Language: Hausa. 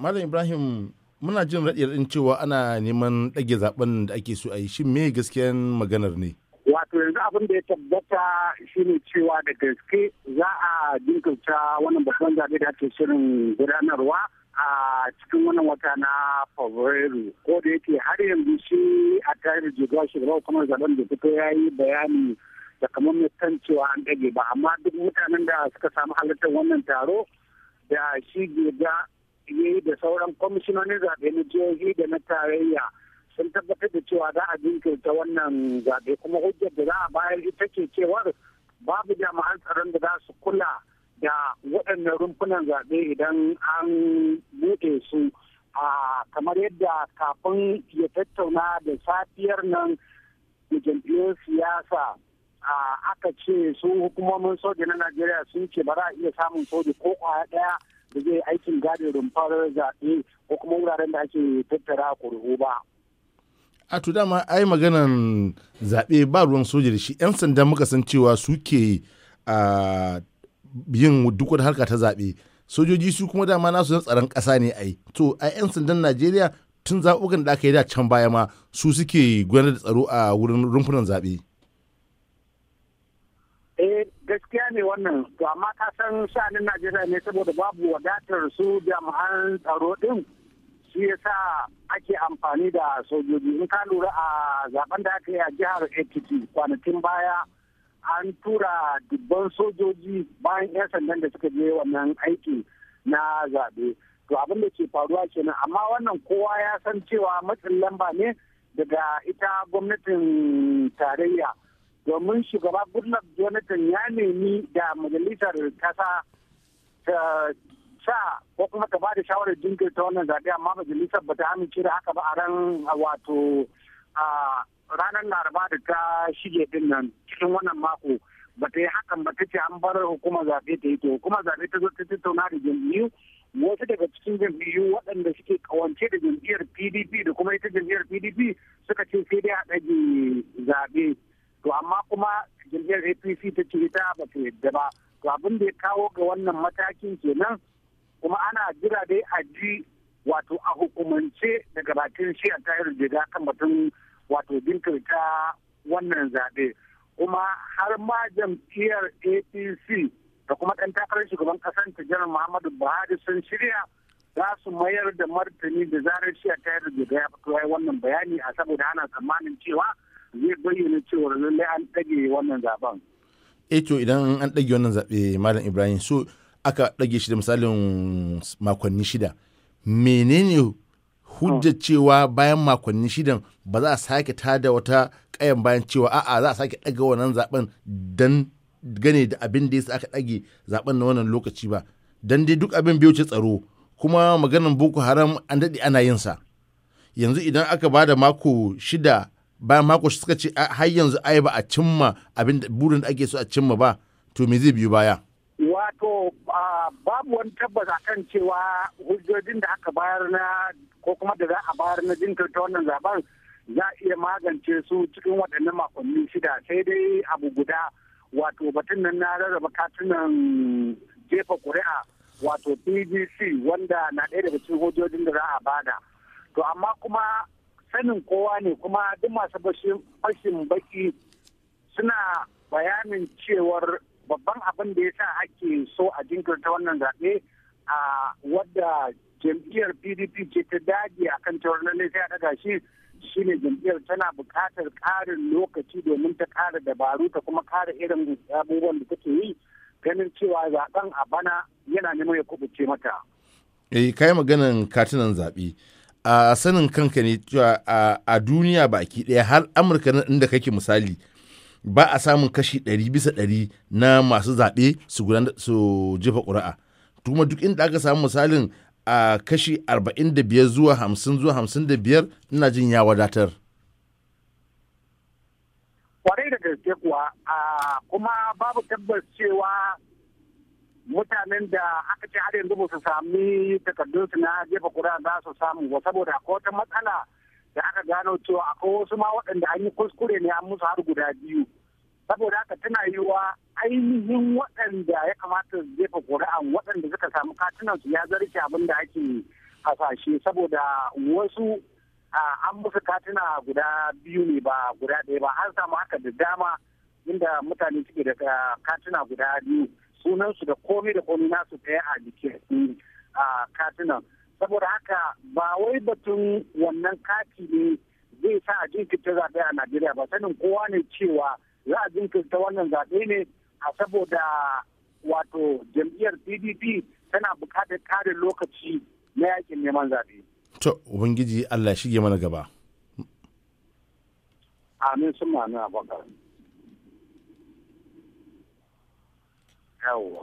Malam Ibrahim muna jin raɗin cewa ana neman ɗage zaben da ake so a yi shi me gaskiyan maganar ne? Wato yanzu abin da ya tabbata shine cewa da gaske za a jinkirta wannan babban zaɓe da ake shirin gudanarwa a cikin wannan wata na Fabrairu. Ko da yake har yanzu shi a tarihi jigawa shugaba kuma zaben da fito ya yi bayani da kamar mutan cewa an ɗage ba amma duk mutanen da suka samu halittar wannan taro da shi ga ya yi da sauran kwamishinonin zaɓe na jihohi da na tarayya sun tabbatar da cewa za a jinkirta wannan zaɓe kuma hujjar da za a bayar ita ce cewar babu jami'an tsaron da za su kula da waɗannan rumfunan zaɓe idan an buɗe su a kamar yadda kafin ya tattauna da safiyar nan da jam'iyyar siyasa aka ce su hukumomin soja na najeriya sun ce ba za a iya samun soja ko kwaya ɗaya da zai aikin gadin rumfar zaɓe ko kuma wuraren da ake tattara kurhu ba. a to dama ai maganan zaɓe ba ruwan soja da shi 'yan sanda muka san cewa suke a yin duk wata harka ta zaɓe sojoji su kuma dama nasu na tsaron ƙasa ne ai to a 'yan sandan najeriya tun zaɓuɓɓukan da aka yi da can baya ma su suke gudanar da tsaro a wurin rumfunan zaɓe. eh gaskiya ne wannan to amma ka kan sha'anin najeriya ne saboda babu wadatar su jami'an tsaro din shi yasa ake amfani da sojoji in ka lura a zaben da aka yi a jihar ekiti kwanakin baya an tura dubban sojoji bayan 'yan sandan da suka je wannan aiki na zaɓe to abin da ke faruwa kenan amma wannan kowa ya san cewa matsin lamba ne daga ita gwamnatin tarayya domin shugaba goodluck jonathan ya nemi da majalisar kasa ta sa ko kuma ta bada shawarar ta wannan zaɓe amma majalisar bata amince da haka ba a ran wato ranar laraba da ta shige din nan cikin wannan mako bata yi hakan ba ta ce an bar hukumar zaɓe ta yi to hukumar zaɓe ta zo ta tattauna da jam'iyyu wasu daga cikin jam'iyyu waɗanda suke kawance da jam'iyyar pdp da kuma ita jam'iyyar pdp suka ce sai dai a ɗage zaɓe to amma kuma jirgin apc ta ce ita ba ta yadda ba to abin da ya kawo ga wannan matakin kenan kuma ana jira dai a ji wato a hukumance daga bakin shi a tayar jiga kan batun wato jinkirta wannan zaɓe kuma har ma jam'iyyar apc da kuma ɗan takarar shugaban ƙasar janar muhammadu buhari sun shirya za su mayar da martani da zarar shi a tayar jiga ya fito wannan bayani a saboda ana tsammanin cewa ɗage wannan zaben. E eh to idan an ɗage wannan zaɓe Malam Ibrahim so aka ɗage shi da misalin makonni shida. Menene hujjar cewa bayan makonni shidan ba za a sake tada wata kayan bayan cewa a'a za a sake ɗaga wannan zaben dan gane da abin da ya aka ɗage zaben na wannan lokaci ba dan dai duk abin biyu ce tsaro kuma maganin boko haram an daɗe ana yin sa yanzu idan aka ba da mako shida bayan mako suka ce har yanzu ai ba a cimma abin da burin da ake so a cimma ba to me zai biyu baya wato babu wani tabbas kan cewa hujjojin da aka bayar na ko kuma da za a bayar na jinkirta wannan zaben za a iya magance su cikin waɗannan makonni shida sai dai abu guda wato batun nan na rarraba katunan jefa ƙuri'a wato pdc wanda na ɗaya daga cikin hujjojin da za a bada to amma kuma sanin kowa ne kuma duk masu fashin baki suna bayanin cewar babban abin da ya sa ake so a jinkirta wannan zaɓe a wadda jam'iyyar pdp ce ta dage a kan cewar lallai sai a daga shi shine jam'iyyar tana buƙatar ƙarin lokaci domin ta ƙara dabaru ta kuma ƙara irin abubuwan da take yi ganin cewa zaɓen a bana yana neman ya kubuce mata. eh kai maganin katunan zaɓe a sanin kanka ne cewa a duniya baki ɗaya har amurka na inda kake misali ba a samun kashi ɗari bisa ɗari na masu zaɓe su jefa ƙuri'a kuma duk inda aka samu misalin a kashi 45 zuwa 50 zuwa 55 ina jin ya wadatar kwarai da gaske kuwa kuma babu tabbas cewa mutanen da aka ce har yanzu ba su sami takardunsu na jefa kura za su samu ba saboda akwai wata matsala da aka gano cewa akwai wasu ma waɗanda an yi kuskure ne an musu har guda biyu saboda haka tana yiwa ainihin waɗanda ya kamata su jefa kuri'an waɗanda suka samu katunan su ya zarce abin da ake hasashe saboda wasu an musu katuna guda biyu ne ba guda ɗaya ba an samu haka da dama inda mutane suke da katuna guda biyu sunansu da komai da komai nasu ɗaya a a katunan saboda haka ba wai batun wannan kati ne zai sa a jinkirta zaɓe a najeriya ba sanin kowa ne cewa za a jinkirta wannan zaɓe ne a saboda wato jam'iyyar pdp tana buƙatar kare lokaci na yakin neman zaɓe. to ubangiji allah shige mana gaba. amin sun ma'ana a Yawwa